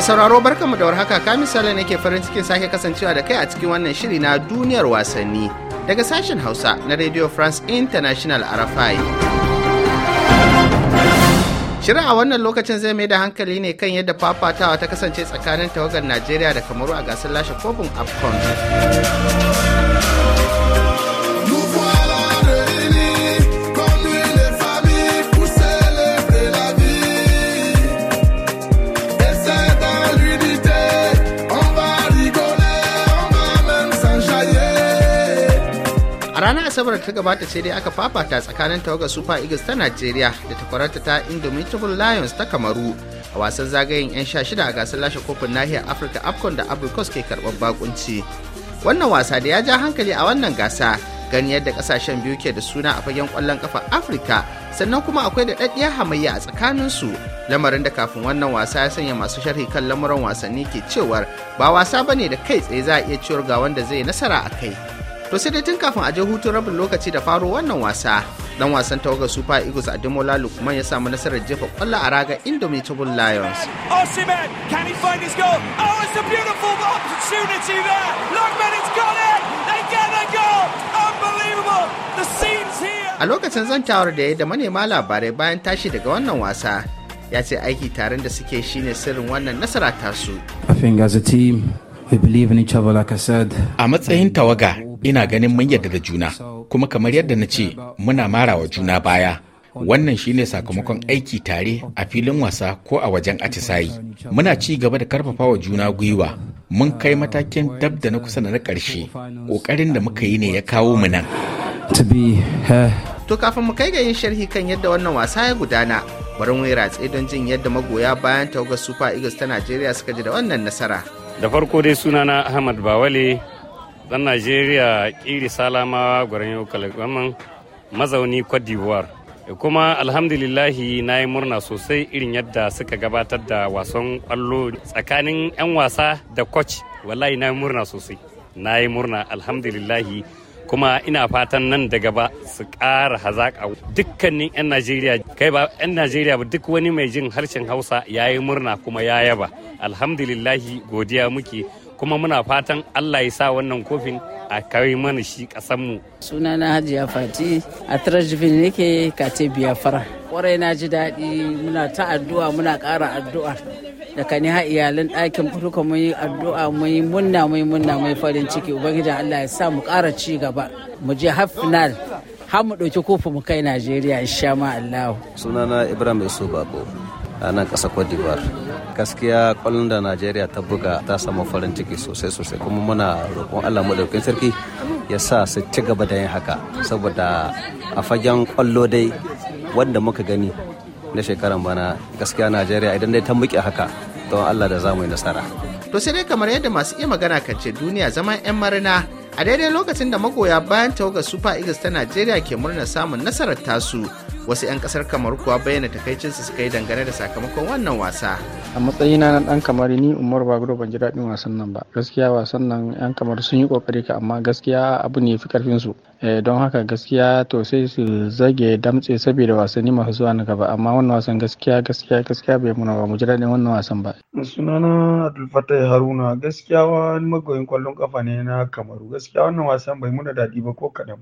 Mai sauraro barkanmu da warhaka ka misali ke farin cikin sake kasancewa da kai a cikin wannan shiri na duniyar wasanni daga sashen Hausa na Radio France International RFI. Shirin a wannan lokacin zai mai da hankali ne kan yadda fafatawa ta kasance tsakanin tawagar Najeriya da Kamaru a gasar lashe kofin AFCON. ranar asabar ta gabata ce dai aka fafata tsakanin tawagar super eagles ta Najeriya da ta kwararta ta indomitable lions ta kamaru a wasan zagayen 'yan sha shida a gasar lashe kofin nahiyar afirka afcon da abrikos ke karɓar bakunci wannan wasa da ya ja hankali a wannan gasa gani yadda kasashen biyu ke da suna a fagen kwallon kafa afirka sannan kuma akwai da ɗaɗɗiyar hamayya a tsakaninsu lamarin da kafin wannan wasa ya sanya masu sharhi kan lamuran wasanni ke cewar ba wasa bane da kai tsaye za a iya ciwon ga wanda zai nasara a kai to sai dai tun kafin a je hutun rabin lokaci da faro wannan wasa dan wasan tawagar super eagles a demola lukman ya samu nasarar jefa kwallo a raga indomitable lions oh, a lokacin zantawar da ya da manema labarai bayan tashi daga wannan wasa ya ce aiki taron da suke shine sirrin wannan nasara tasu. A matsayin tawaga ina ganin mun yarda da juna kuma kamar yadda na ce muna mara wa juna baya wannan shine sakamakon aiki tare a filin wasa ko a wajen atisayi muna ci gaba da wa juna gwiwa mun kai matakin dab da na kusa da na ƙarshe ƙoƙarin da muka yi ne ya kawo mu nan to kafin mu kai ga yin sharhi kan yadda wannan wasa ya gudana bari mu ratse don jin yadda magoya bayan tawagar super eagles ta najeriya suka ji da wannan nasara da farko dai sunana ahmad bawale dan najeriya kiri salama gwaran yau kalgaman mazauni cote d'ivoire kuma alhamdulillahi na yi murna sosai irin yadda suka gabatar da wasan kwallo tsakanin 'yan wasa da coach wallahi na yi murna sosai na yi murna alhamdulillahi kuma ina fatan nan da gaba su ƙara hazaƙa dukkanin 'yan najeriya kai ba 'yan najeriya ba duk wani mai jin harshen hausa ya yi murna kuma ya yaba alhamdulillahi godiya muke kuma muna fatan Allah ya sa wannan kofin a kai mana shi kasanmu. Sunana Hajiya Fati a Trajibin yake Kate Biyafara. Kwarai na ji daɗi muna ta addu'a muna ƙara addu'a. Daga ni ha iyalan ɗakin duka mun yi addu'a mun yi munna mun yi munna mun yi farin ciki Ubangiji Allah ya sa mu ƙara ci gaba mu je har final har mu ɗauki kofin mu kai Najeriya insha ma Allah. Sunana Ibrahim Isu Babo a nan ƙasa Cote gaskiya kwallon da najeriya ta buga ta samu farin ciki sosai sosai kuma muna roƙon allah maɗaukin sarki ya sa su ci gaba da yin haka saboda a fagen kwallo dai wanda muka gani na shekaran bana gaskiya najeriya idan dai ta muke haka don allah da za mu yi nasara to sai dai kamar yadda masu iya magana kan ce duniya zaman 'yan marina a daidai lokacin da magoya bayan tawagar super eagles ta najeriya ke murnar samun nasarar tasu wasu 'yan kasar kamar kuwa bayyana takaicinsu suka yi dangane da sakamakon wannan wasa a matsayina na dan kamar ni umar baguro ban ji daɗin wasan nan ba gaskiya wasan nan 'yan kamar sun yi kokari ka amma gaskiya abu ne fi karfin su eh, don haka gaskiya to sai su zage damtse saboda wasanni masu zuwa na gaba amma wannan wasan gaskiya gaskiya gaskiya bai muna ba mu ji daɗin wannan wasan ba sunana abdulfatai haruna gaskiya wani magoyin kwallon kafa ne na kamaru gaskiya wannan wasan bai muna daɗi ba ko kaɗan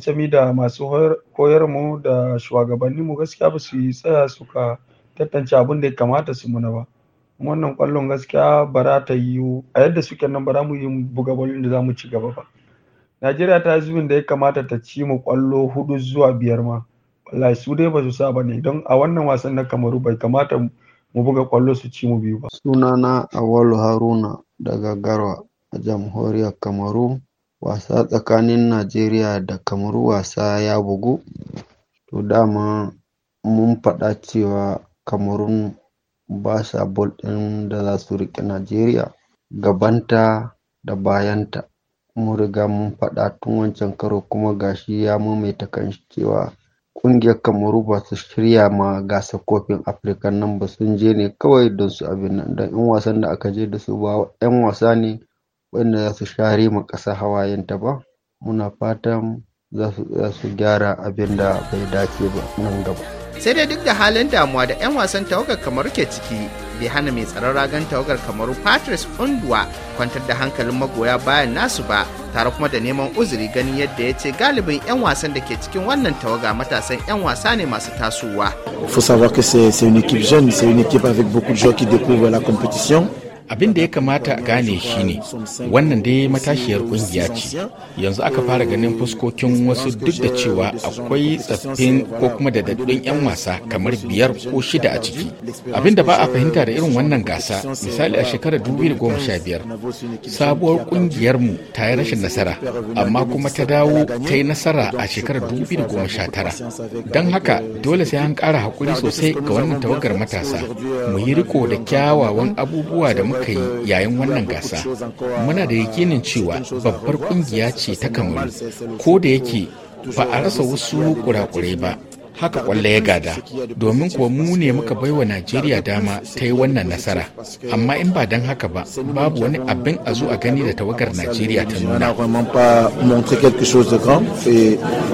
don da masu koyar mu da shuwagabanni mu gaskiya ba su yi tsaya suka tantance abin da ya kamata su muna ba wannan kwallon gaskiya ba za ta yiwu a yadda suke nan ba za mu yi buga ballon da za mu ci gaba ba najeriya ta zubin da ya kamata ta ci mu kwallo hudu zuwa biyar ma wallahi su dai ba su sa ba ne don a wannan wasan na kamaru bai kamata mu buga kwallo su ci mu biyu ba sunana awalu haruna daga garwa a jamhuriyar kamaru Wasa tsakanin Najeriya da Kamaru wasa ya bugu. To dama mun faɗa cewa Kamarun ba sa din ɗin da za su riƙe Najeriya gabanta da bayanta. Mun riga mun faɗa tun wancan karo kuma gashi ya maimaita shi cewa ƙungiyar Kamaru ba su shirya ma gasa kofin Afirka nan ba sun je ne kawai don su abin nan. don 'yan wasan da aka je da su ba 'yan wasa ne Wanda za su share ma ƙasa hawayenta ba muna fatan za su gyara abin da bai dace ba nan gaba sai dai duk da halin damuwa da 'yan wasan tawagar kamar ke ciki bai hana mai tsaron ragan tawagar kamaru patrice unduwa kwantar da hankalin magoya bayan nasu ba tare kuma da neman uzuri ganin yadda ya ce galibin 'yan wasan da ke cikin wannan tawaga matasan 'yan wasa ne masu tasowa. Il faut savoir que c'est une équipe jeune, c'est une équipe avec beaucoup de gens qui découvrent la compétition. abin da ya kamata a gane shi ne, wannan dai matashiyar kungiya ce yanzu aka fara ganin fuskokin wasu duk da cewa akwai tsaffin ko kuma da daɗin 'yan wasa kamar biyar ko shida a ciki abin da ba a fahimta da irin wannan gasa misali a shekarar biyar, sabuwar mu ta yi rashin nasara amma kuma ta dawo ta yi nasara a shekarar tara, don haka dole sai an ƙara haƙuri sosai ga wannan tawagar matasa mu yi riko da kyawawan abubuwa da muka yi yayin wannan gasa muna da yakinin cewa babbar kungiya ce ta kamaru ko da yake ba a rasa wasu kurakurai ba haka kwallo ya gada domin kuwa mu ne muka baiwa wa najeriya dama ta yi wannan nasara amma in ba don haka ba babu wani abin a zo a gani da tawagar najeriya ta nuna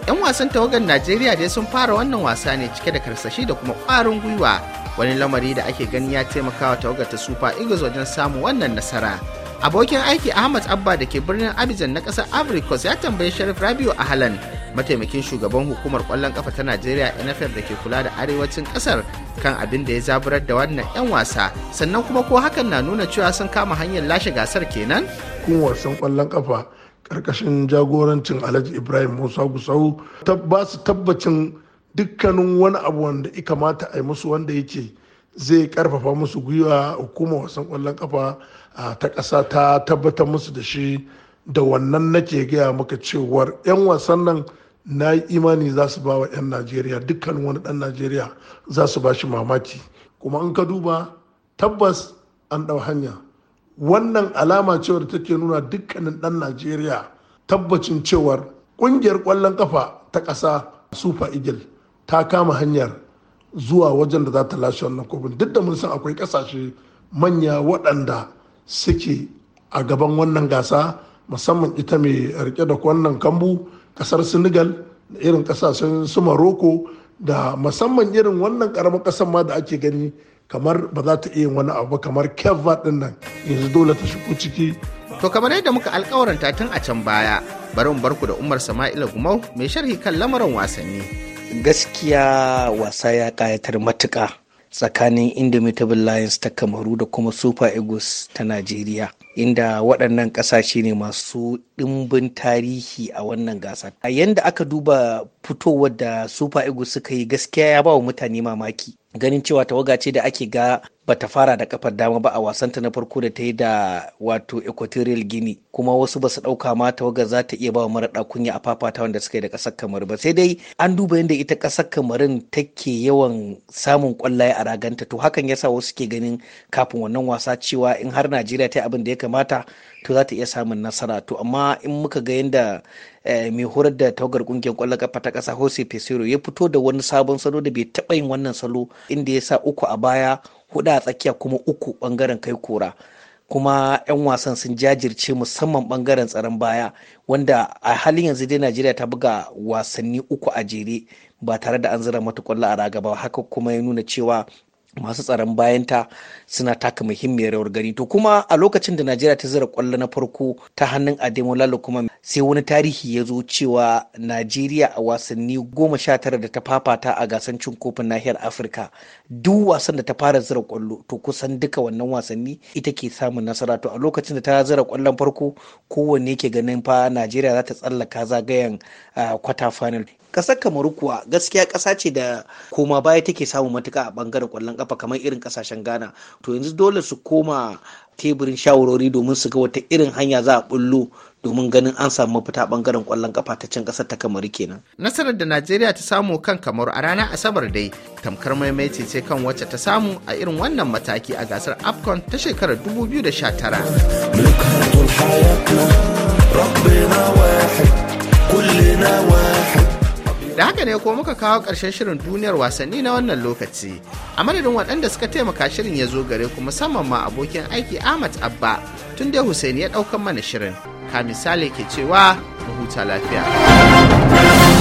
yan wasan tawagar najeriya dai sun fara wannan wasa ne cike da karsashi da kuma kwarin gwiwa wani lamari da ake gani ya taimakawa tawagar ta super eagles wajen samun wannan nasara abokin aiki ahmad abba da ke birnin abidjan na kasar coast ya tambayi sharif rabiu a halan mataimakin shugaban hukumar kwallon kafa ta najeriya nff da ke kula da arewacin kasar kan abin da ya zaburar da wannan 'yan wasa sannan kuma ko hakan na nuna cewa sun kama hanyar lashe gasar kenan kun wasan kwallon kafa karkashin jagorancin alhaji ibrahim musa gusau ta ba su tabbacin dukkanin wani abu wanda ya kamata a yi musu wanda ya yake zai karfafa musu gwiwa hukumar wasan kwallon kafa ta kasa ta tabbatar musu da shi da wannan nake gaya maka cewar 'yan wasan nan na yi imani za su ba wa 'yan najeriya dukkanin wani dan najeriya za su ba shi mamaki kuma in ka duba tabbas an ɗau hanya wannan alama cewar take nuna dukkanin ɗan najeriya tabbacin cewar ƙungiyar kwallon kafa ta ƙasa super eagle ta kama hanyar zuwa wajen da za ta lashe wannan kofin duk da mun san akwai kasashe manya waɗanda suke a gaban wannan gasa musamman ita mai rike da wannan kambu kasar senegal da irin kasashen su maroko da musamman irin wannan karamar kasar ma da ake gani kamar ba za ta iya wani abu kamar kevva din nan yanzu dole ta shigo ciki to kamar yadda muka alkawaranta tun a can baya bari mu barku da umar sama'ila gumau mai sharhi kan lamarin wasanni gaskiya wasa ya kayatar matuka tsakanin indomitable lions ta kamaru da kuma super eagles ta najeriya inda waɗannan ƙasashe ne masu ɗimbin tarihi a wannan gasar a yadda aka duba fitowar da super eagles suka yi gaskiya ya ba wa mutane mamaki ganin cewa tawaga ce da ake ga bata fara da kafar dama ba a wasanta na farko da ta yi da wato equatorial guinea kuma wasu ba su dauka ma tawagar za ta iya ba wa mara kunya a fafata wanda suka yi da kasar kamar ba sai dai an duba yadda ita kasar kamarin take yawan samun kwallaye a raganta to hakan yasa wasu ke ganin kafin wannan wasa cewa in har najeriya ta yi abin da ya kamata to za ta iya samun nasara to amma in muka ga yadda eh, mai horar da tawagar kungiyar kwallo kafa ta kasa jose pesero ya fito da wani sabon salo da bai taba yin wannan salo inda ya sa uku a baya hudu a tsakiya kuma uku bangaren kai kora kuma 'yan wasan sun jajirce musamman bangaren tsaron baya wanda a halin yanzu dai najeriya ta buga wasanni uku a jere ba tare da an zira mata kwallo a raga ba haka kuma ya nuna cewa masu tsaron bayanta suna taka muhimmiyar rawar gani to kuma a lokacin da najeriya ta zira kwallo na farko ta hannun ademola kuma sai wani tarihi ya zo cewa najeriya a wasanni goma sha tara da ta fafata a gasan cin kofin nahiyar afirka duk wasan da ta fara zira kwallo to kusan duka wannan wasanni ita ke samun nasara to a lokacin da ta zira kwallon farko kowanne ke ganin fa najeriya za ta tsallaka zagayen kwata ah, final ƙasar kamaru kuwa gaskiya kasa ce da koma baya take samun matuka a bangaren kwallon kafa kamar irin kasashen ghana to yanzu dole su koma teburin shawarori domin su ga wata irin hanya za a bullo domin ganin an samu mafita bangaren kwallon kafa ta can kasar ta kamaru kenan. Nasarar da Najeriya ta samu kan kamaru a ranar Asabar dai tamkar maimaici ce kan wacce ta samu a irin wannan mataki a gasar AFCON ta shekarar 2019. da haka ne ko muka kawo ƙarshen shirin duniyar wasanni na wannan lokaci a madadin waɗanda suka taimaka shirin ya zo gare ku musamman ma abokin aiki ahmad abba tun dai hussein ya ɗaukan mana shirin ka misali ke cewa mu huta lafiya